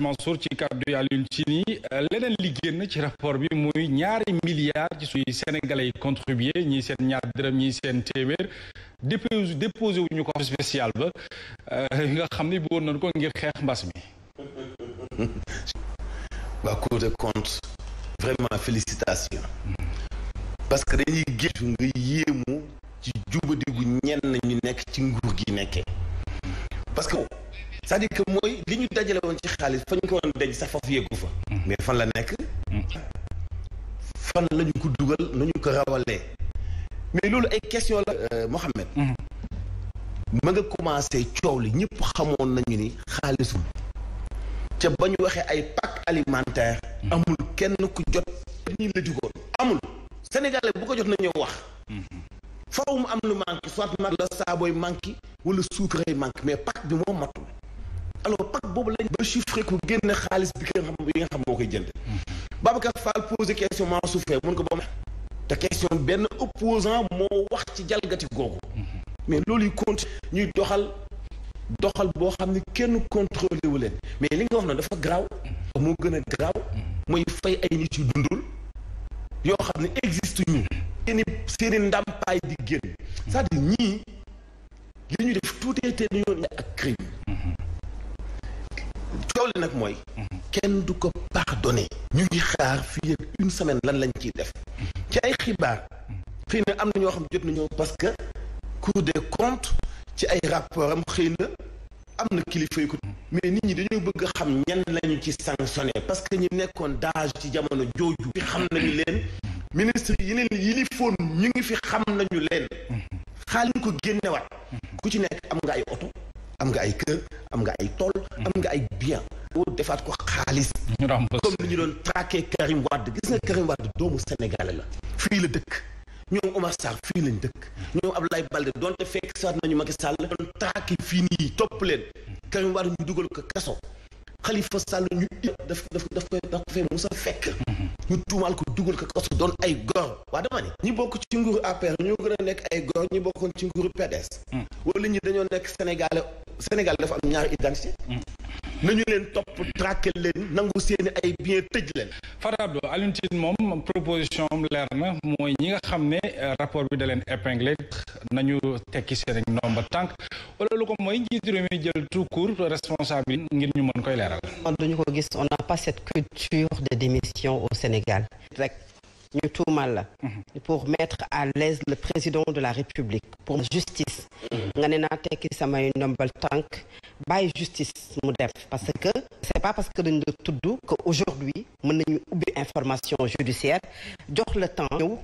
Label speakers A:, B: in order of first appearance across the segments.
A: Mansour ci kàddu yàlla yu ci ni leneen li génn ci rapport bi muy ñaari milliards ci suy sénégalais yi contribué ñii seen ñaar dërëm ñii seen téeméer déposé déposé wuñu ko spécial ba euh, nga xam ne bëggoon nañu ko ngir xeex mbas mi.
B: waa Cour des comptes vraiment parce que dañuy gëstu nga yéemu ci juba jubadigu ñenn ñu nekk ci nguur gi nekkee parce que. c'est-à-dire que mooy li ñu dajale ci xaalis fa ñu ko woon daj sax foofu yeggu fa mais fan la nekk fan lañu ñu ko dugal nu ñu ko rawalee mais loolu ay question la euh, Mohamed mm-hmm. ma nga commencé coow li ñëpp xamoon nañu ni xaalisul ca ba ñu waxee ay pack alimentaire mm-hmm. amul kenn ku jot nii la jugoon amul sénégalais bu ko jot nañu wax mm-hmm. faw mu am lu manqué soit mag la saabooy manqué wala suukaray manqué mais pack bi moom matul alors pacte boobu lañ ba chiffré ko génne xaalis bi nga xam bi nga xam moo koy jënd Babacar Fall posé question Mansour Faye mun ko ba te question benn opposant moo wax ci jalgati googu mais loolu yu continue ñuy doxal doxal boo xam ne kenn contrôlé wu leen mais li nga wax na dafa garaaw moo gën a garaaw mooy fay ay nit yu dundul yoo xam ne existe ñu seeni seeni ndàmpaay di génn c'est-à-dire ñii li ñu def tuutee te ñu yoon ak crime coow nag mooy. kenn du ko pardonné. ñu ngi xaar fi ak une semaine lan lañ ciy def. ci ay xibaar. xëy na am na ñoo xam jot nañoo parce que. cour de comptes ci ay rapport am xëy na am na kilifa yu ko. mais nit ñi dañu bëgg a xam ñan lañu ci sanctionné parce que ñi nekkoon daaj ci jamono jooju. fi xam nañu leen. ministre yi leen yi li foon ñu ngi fi xam nañu leen. xaalis ko génnewaat. ku ci nekk am nga ay oto. am nga ay kër am nga ay tool. am nga ay bien boo defaat ko xaalis. comme ni ñu doon traqué Karim Wade gis nga Karim Wade doomu Sénégal la. fii la dëkk ñoom Omar Sarr fii lañ dëkk. ñoom Abdoulaye Balde donte fekk saat nañu Macky Sall doon traqué fii nii topp leen. Karim Wade ñu dugal ko kaso. Khalifa Sall ñu daf daf daf koy daf koy sa fekk. Mhm. ñu tuumaal ko dugal ko kaso doon ay góor waa dama ne ñi bokk ci nguuru APR ñoo gën a nekk ay góor ñi bokkoon ci nguuru PDS. Mm. wala ñi dañoo Sénégal dafa am ñaari identité nañu leen topp
A: traqué leen nangu seeni ay bien tëj leen Fatou Abdou Alioune Tine moom proposition am leer na mooy ñi nga xam ne euh, rapport bi da leen épinglé nañu tekki seen nomba tànk wala lu ko mooy njiitu réew mi jël tout court responsable ngir ñu mën koy leeral
C: dañu ko gis on n'a pas cette culture de démission au Sénégal rek ñu tuumal la mm-hmm. pour mettre à l'aise le président de la République pour justice mm-hmm. nga ne naa tekki samay ndombal tànk bàyyi justice mu def parce que c'est pas parce que dañ la tudd que aujourd'hui mën nañu ubbi information judiciaire jox la temps ñëw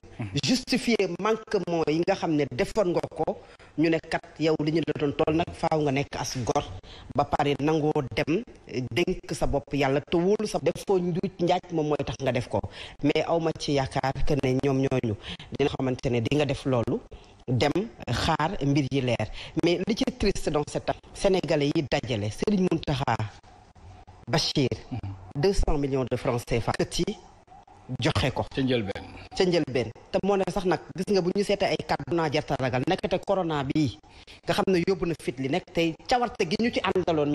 C: justifier manquement yi nga xam ne defoon nga ko ñu ne kat yow li ñu la doon tool nag faaw nga nekk as gor ba pare nangoo dem dénk sa bopp yàlla te wóolu sa defoo njuuj njaaj moom mooy tax nga def ko mais awma ci yaakaar que ne ñoom ñooñu dina xamante ne di nga def loolu dem xaar mbir yi leer mais li ci triste donc c'est tam sénégalais yi dajale Serigne Mountakha Bachir. 200 millions de fa CFA. ci joxe ko. ca njëlbeen. ca njëlbeen te moo ne sax nag gis nga bu ñu seetee ay kàddu naa jarta ragal nekk te corona bii nga xam ne yóbbu na fit li nekk tey cawarte gi ñu ci àndaloon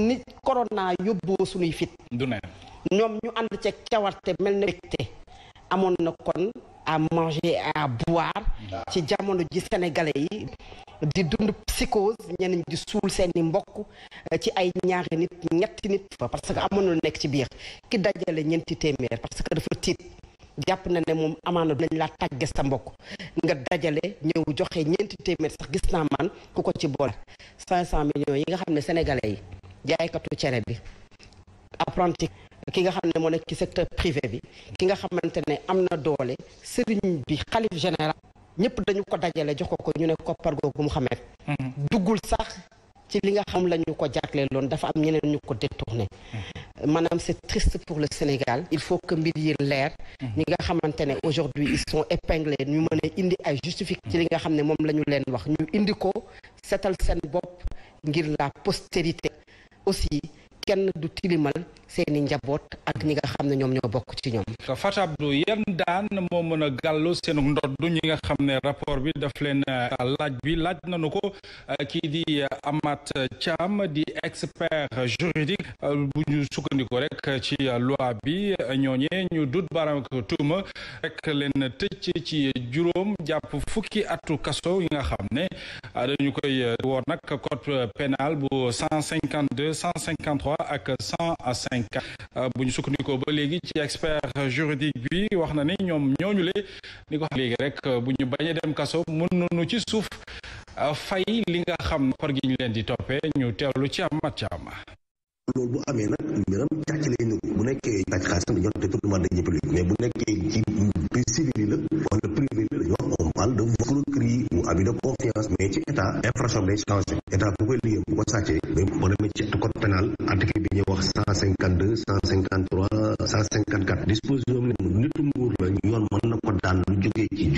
C: nit corona yóbboo suñuy fit. ñoom ñu ànd ceeg cawarte mel na. amoon na kon. à manger a boire ah. ci jamono ji sénégalais yi di dund psychose ñenn ñi di suul seeni mbokk eh, ci ay ñaaxi nit ñetti nit fa parce que amoon na lu nekk ci biir ki dajale ñeenti téeméer parce que dafa tiit jàpp na ne moom amaana dinañ laa tàgge sa mbokk nga dajale ñëw joxe ñeenti téeméer sax gis naa man ku ko ci boole cinq cent millions yi nga xam ne sénégalais yi jaaykatu cere bi apprenti ki nga xam ne moo nekk ci secteur privé bi ki nga xamante ne am na doole sëriñ bi xalif général ñëpp dañu ko dajale jox ko ko ñu ne koppar googu mu xamee mm-hmm. duggul sax ci li nga xam lañu ko jagleel loon dafa am ñeneen ñu ko détourné mm-hmm. maanaam c'est triste pour le Sénégal il faut que mbir yi leer mm-hmm. ñi nga xamante ne aujourd'hui ils sont épinglés ñu mën indi ay justificatifs ci li nga xam ne moom la ñu leen wax ñu indi ko seetal seen bopp ngir la postérité aussi kenn du tilimal seeni njaboot ak ñi nga xam ne ñoom ñoo bokk ci ñoom.
A: Fat Abdou yan daan moo mën a gàllu seen ndoddu ñi nga xam ne rapport bi daf leen euh, laaj bi laaj nañu ko euh, kii di euh, Amath Thiam di expert juridique bu ñu sukkandiku rek ci loi bi ñooñee ñu dut baaraam tuuma rek leen tëj ci juróom jàpp fukki atu kaso yi nga xam ne dañu koy woor nag code pénal bu cent cinquante deux cent cinquante trois ak cent cinq ans euh, bu ñu sukkandikoo ba léegi ci expert juridique bi wax na ni ñoom ñooñu le ni ko xam léegi rek euh, bu ñu bañ a dem kaso mën nañu ci suuf euh, fay li nga xam kor gi ñu leen di toppee ñu teewlu ci amat ci am
D: loolu bu amee nag mbiram càcc lay bu nekkee tàcc xaalis dañuy wax détournement de deniers publics mais bu nekkee ci privé civil la wala privé la dañuy wax on parle de abus confiance mais ci état infraction day changé état bu koy liggéey bu ko sàccee mais boo demee ci code pénal bi ñuy wax cent cinquante deux cent cinquante trois cent cinquante quatre disposition ne nitu nguur la yoon mën na ko daan lu jógee ci